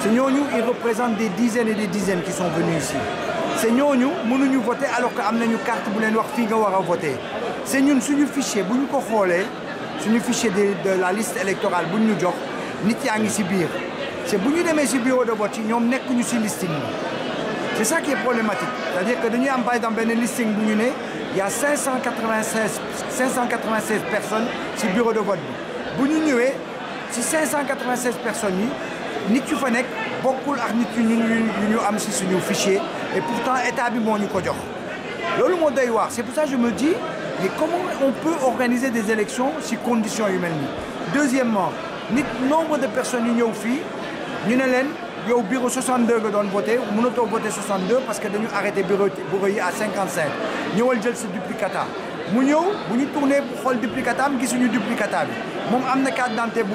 C'est ñooñu ils représentent des dizaines et des dizaines qui sont venus ici c'est Nous mënuñu voter alors que am une carte bu les wax fii nga voter. voter c'est ñun le fichier si nous ko xoolee suñu fichier de de la liste électorale bu nous. jox nit yaa ngi ci biir c'est bu ci bureau de vote n'êtes ñoom nekkuñu la listing c'est ça qui est problématique c'est-à-dire que nous am par dans benn listing il y a 596 596 personnes le bureau de vote Si nous 596 personnes nit fa ak nit et pourtant l'État bi moo ñu ko jox c'est pour ça que je me dis mais comment on peut organiser des élections si conditions humaines. deuxièmement le nombre de personnes qui sont fii ñu ne leen yow bureau 62 nga voter voté mënatoo voté 62 parce que dañu arrêté le bureau à 55 ñëwal jël sa duplicata mu ñëw bu ñu tourner bu xool duplicata am gisuñu duplicata bi moom am carte d'identité bu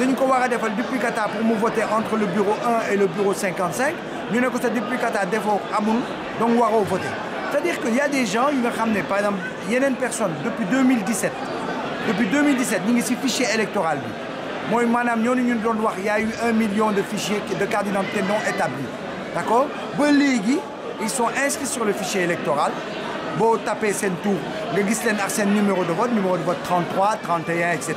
dañu ko a defal duplicata pour voter entre le bureau 1 et le bureau 55 ñu ne ko sa duplicata defoo amul donc voter c'est-à-dire qu'il y a des gens qui vont xam par exemple une personne depuis 2017 depuis 2017 ñu ci fichier électoral Moi Madame vu y a eu un million de fichiers de cartes d'identité non établis. d'accord ils sont inscrits sur le fichier électoral ils tapez tour Le numéro de vote numéro de vote 33 31 etc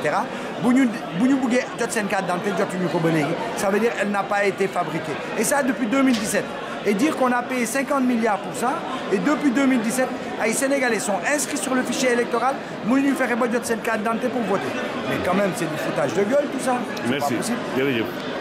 ça veut dire elle n'a pas été fabriquée et ça depuis 2017 et dire qu'on a payé 50 milliards pour ça et depuis 2017 les sénégalais sont inscrits sur le fichier électoral mënuñu Ferrebo ba jot pour voter mais quand même c'est du foutage de gueule tout ça. merci